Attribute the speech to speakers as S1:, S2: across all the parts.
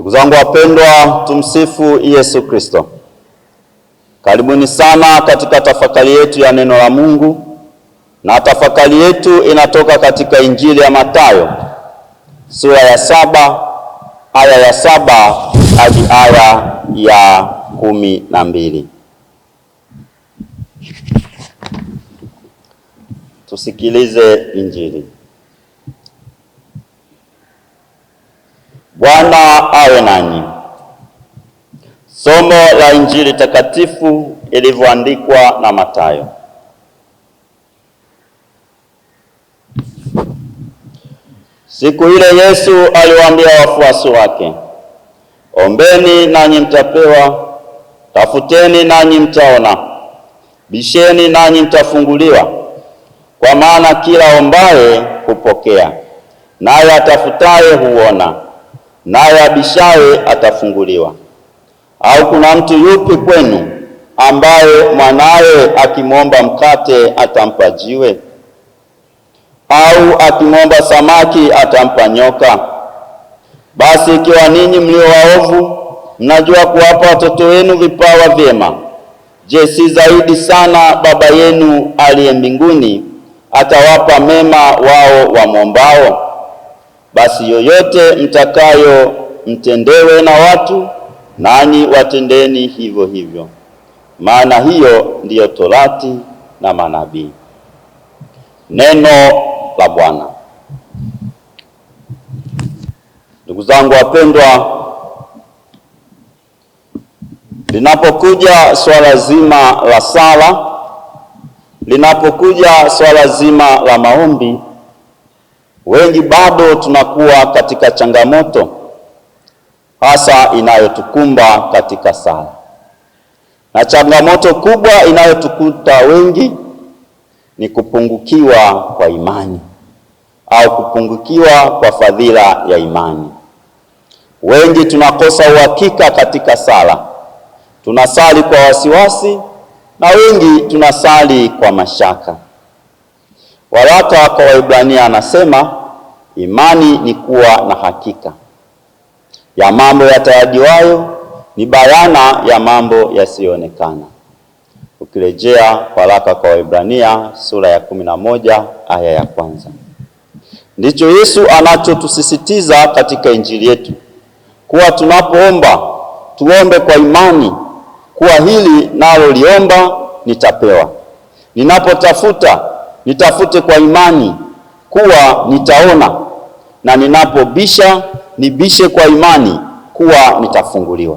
S1: Ndugu zangu wapendwa, tumsifu Yesu Kristo. Karibuni sana katika tafakari yetu ya neno la Mungu, na tafakari yetu inatoka katika Injili ya Mathayo sura ya saba aya ya saba hadi aya ya kumi na mbili. Tusikilize Injili. Bwana awe nanyi. Somo la Injili takatifu ilivyoandikwa na Mathayo. Siku ile Yesu aliwaambia wafuasi wake, ombeni nanyi mtapewa, tafuteni nanyi mtaona, bisheni nanyi mtafunguliwa. Kwa maana kila ombaye hupokea, naye atafutaye huona naye abishaye atafunguliwa. Au kuna mtu yupi kwenu ambaye mwanawe akimwomba mkate atampa jiwe? Au akimwomba samaki atampa nyoka? Basi ikiwa ninyi mlio waovu mnajua kuwapa watoto wenu vipawa vyema, je, si zaidi sana Baba yenu aliye mbinguni atawapa mema wao wamwombao? Basi yoyote mtakayo mtendewe na watu, nanyi watendeni hivyo hivyo, maana hiyo ndiyo Torati na manabii. Neno la Bwana. Ndugu zangu wapendwa, linapokuja swala zima la sala, linapokuja swala zima la maombi wengi bado tunakuwa katika changamoto hasa inayotukumba katika sala, na changamoto kubwa inayotukuta wengi ni kupungukiwa kwa imani au kupungukiwa kwa fadhila ya imani. Wengi tunakosa uhakika katika sala, tunasali kwa wasiwasi na wengi tunasali kwa mashaka. Waraka kwa Waibrania anasema Imani ni kuwa na hakika ya mambo yatarajiwayo, ni bayana ya mambo yasiyoonekana. Ukirejea waraka kwa Waebrania sura ya kumi na moja aya ya kwanza. Ndicho Yesu anachotusisitiza katika injili yetu kuwa tunapoomba tuombe kwa imani, kuwa hili nalo liomba nitapewa, ninapotafuta nitafute kwa imani, kuwa nitaona na ninapobisha nibishe kwa imani kuwa nitafunguliwa,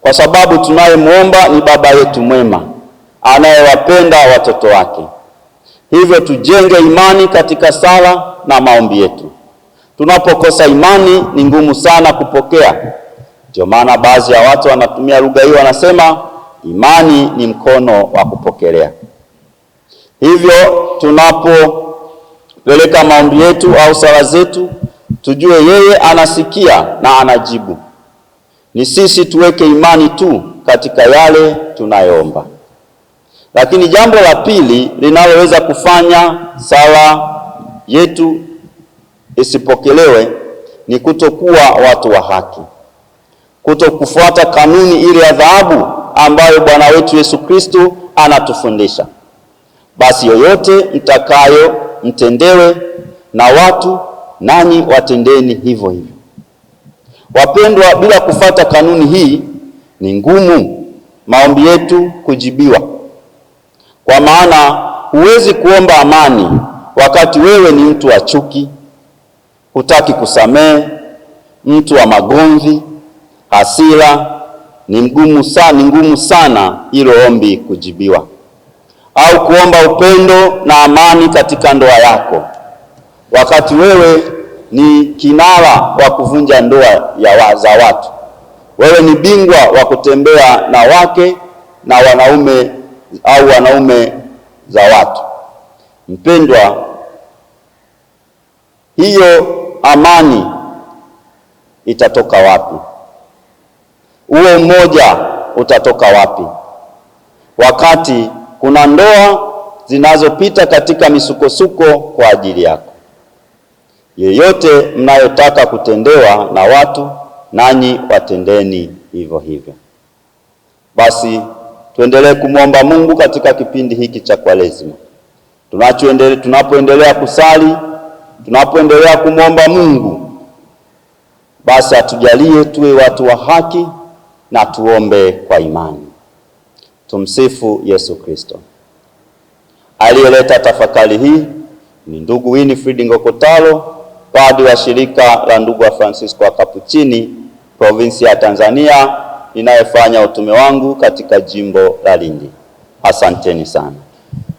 S1: kwa sababu tunayemwomba ni Baba yetu mwema anayewapenda watoto wake. Hivyo tujenge imani katika sala na maombi yetu. Tunapokosa imani, ni ngumu sana kupokea. Ndio maana baadhi ya watu wanatumia lugha hiyo, wanasema imani ni mkono wa kupokelea. Hivyo tunapo peleka maombi yetu au sala zetu, tujue yeye anasikia na anajibu. Ni sisi tuweke imani tu katika yale tunayoomba. Lakini jambo la pili linaloweza kufanya sala yetu isipokelewe ni kutokuwa watu wa haki, kutokufuata kanuni ile ya dhahabu ambayo Bwana wetu Yesu Kristo anatufundisha. Basi yoyote mtakayo mtendewe na watu, nanyi watendeni hivyo hivyo. Wapendwa, bila kufata kanuni hii ni ngumu maombi yetu kujibiwa, kwa maana huwezi kuomba amani wakati wewe ni mtu wa chuki, hutaki kusamehe, mtu wa magomvi, hasira. Ni ngumu sana, ni ngumu sana hilo ombi kujibiwa au kuomba upendo na amani katika ndoa yako, wakati wewe ni kinara wa kuvunja ndoa ya za watu. Wewe ni bingwa wa kutembea na wake na wanaume au wanaume za watu. Mpendwa, hiyo amani itatoka wapi? Huo umoja utatoka wapi wakati kuna ndoa zinazopita katika misukosuko kwa ajili yako. Yeyote mnayotaka kutendewa na watu, nanyi watendeni hivyo hivyo. Basi tuendelee kumwomba Mungu katika kipindi hiki cha Kwaresima, tunachoendelea, tunapoendelea kusali, tunapoendelea kumwomba Mungu, basi atujalie tuwe watu wa haki na tuombe kwa imani. Tumsifu Yesu Kristo. Aliyeleta tafakari hii ni ndugu Winifridi Ngokotalo, padri wa shirika la ndugu wa Francisco wa Kapuchini, provinsi ya Tanzania, inayofanya utume wangu katika jimbo la Lindi. Asanteni sana.